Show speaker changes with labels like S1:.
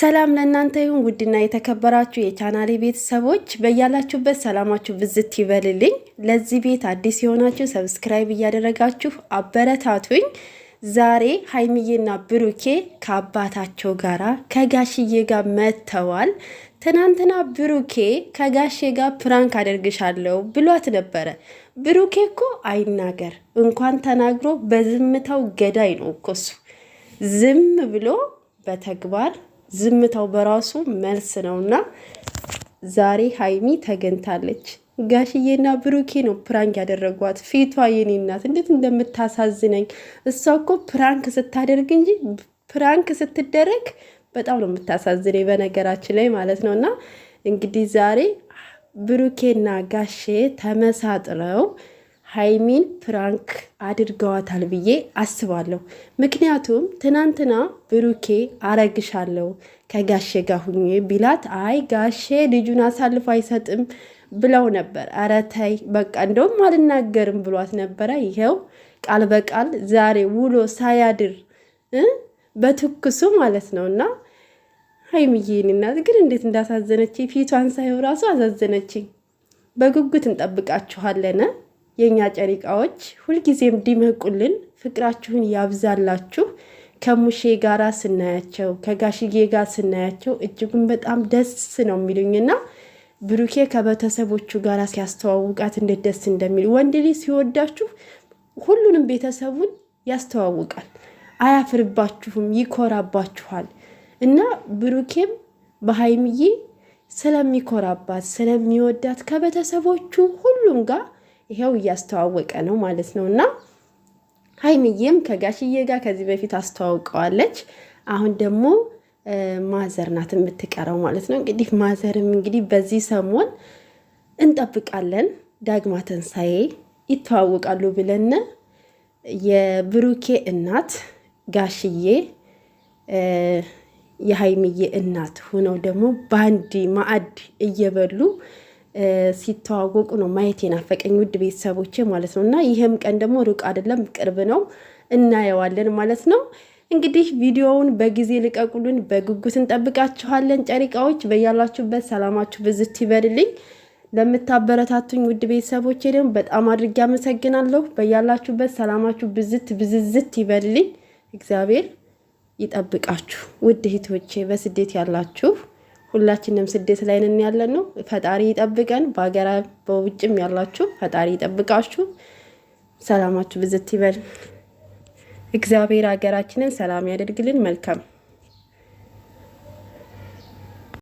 S1: ሰላም ለእናንተ ይሁን ውድና የተከበራችሁ የቻናሌ ቤተሰቦች በያላችሁበት ሰላማችሁ ብዝት ይበልልኝ። ለዚህ ቤት አዲስ የሆናችሁ ሰብስክራይብ እያደረጋችሁ አበረታቱኝ። ዛሬ ሀይሚዬና ብሩኬ ከአባታቸው ጋራ ከጋሽዬ ጋር መጥተዋል። ትናንትና ብሩኬ ከጋሼ ጋር ፕራንክ አደርግሻለሁ ብሏት ነበረ። ብሩኬ እኮ አይናገር እንኳን ተናግሮ በዝምታው ገዳይ ነው እኮ እሱ ዝም ብሎ በተግባር ዝምታው በራሱ መልስ ነውና ዛሬ ሀይሚ ተገኝታለች። ጋሽዬና ብሩኬ ነው ፕራንክ ያደረጓት። ፊቷ የኔ እናት እንዴት እንደምታሳዝነኝ። እሷ እኮ ፕራንክ ስታደርግ እንጂ ፕራንክ ስትደረግ በጣም ነው የምታሳዝነኝ፣ በነገራችን ላይ ማለት ነው። እና እንግዲህ ዛሬ ብሩኬና ጋሼ ተመሳጥረው ሀይሚን ፕራንክ አድርገዋታል ብዬ አስባለሁ። ምክንያቱም ትናንትና ብሩኬ አረግሻለሁ ከጋሼ ጋር ሁኜ ቢላት አይ ጋሼ ልጁን አሳልፎ አይሰጥም ብለው ነበር። ኧረ ተይ በቃ እንደውም አልናገርም ብሏት ነበረ። ይኸው ቃል በቃል ዛሬ ውሎ ሳያድር በትኩሱ ማለት ነው እና ሀይሚዬን እናት ግን እንዴት እንዳሳዘነች ፊቷን ሳየው ራሱ አሳዘነችኝ። በጉጉት እንጠብቃችኋለን። የእኛ ጨሪቃዎች ሁልጊዜም ዲመቁልን፣ ፍቅራችሁን ያብዛላችሁ። ከሙሼ ጋራ ስናያቸው ከጋሽጌ ጋር ስናያቸው እጅጉን በጣም ደስ ነው የሚሉኝና ብሩኬ ከቤተሰቦቹ ጋር ሲያስተዋውቃት እንዴት ደስ እንደሚል ወንድ ልጅ ሲወዳችሁ ሁሉንም ቤተሰቡን ያስተዋውቃል፣ አያፍርባችሁም፣ ይኮራባችኋል። እና ብሩኬም በሀይምዬ ስለሚኮራባት ስለሚወዳት ከቤተሰቦቹ ሁሉም ጋር ይሄው እያስተዋወቀ ነው ማለት ነው። እና ሀይሚዬም ከጋሽዬ ጋር ከዚህ በፊት አስተዋውቀዋለች። አሁን ደግሞ ማዘር ናት የምትቀረው ማለት ነው። እንግዲህ ማዘርም እንግዲህ በዚህ ሰሞን እንጠብቃለን ዳግማ ትንሣኤ ይተዋወቃሉ ብለን የብሩኬ እናት ጋሽዬ የሀይሚዬ እናት ሆነው ደግሞ በአንድ ማዕድ እየበሉ ሲተዋወቁ ነው ማየት የናፈቀኝ ውድ ቤተሰቦች ማለት ነው። እና ይህም ቀን ደግሞ ሩቅ አይደለም፣ ቅርብ ነው። እናየዋለን ማለት ነው። እንግዲህ ቪዲዮውን በጊዜ ልቀቁልን፣ በጉጉት እንጠብቃችኋለን። ጨሪቃዎች በያላችሁበት ሰላማችሁ ብዝት ይበልልኝ። ለምታበረታቱኝ ውድ ቤተሰቦቼ ደግሞ በጣም አድርጌ አመሰግናለሁ። በያላችሁበት ሰላማችሁ ብዝት ብዝዝት ይበልልኝ። እግዚአብሔር ይጠብቃችሁ። ውድ እህቶቼ በስደት ያላችሁ ሁላችንም ስደት ላይ ነን ያለን ነው። ፈጣሪ ይጠብቀን። በሀገር በውጭም ያላችሁ ፈጣሪ ይጠብቃችሁ። ሰላማችሁ ብዝት ይበል። እግዚአብሔር ሀገራችንን ሰላም ያደርግልን። መልካም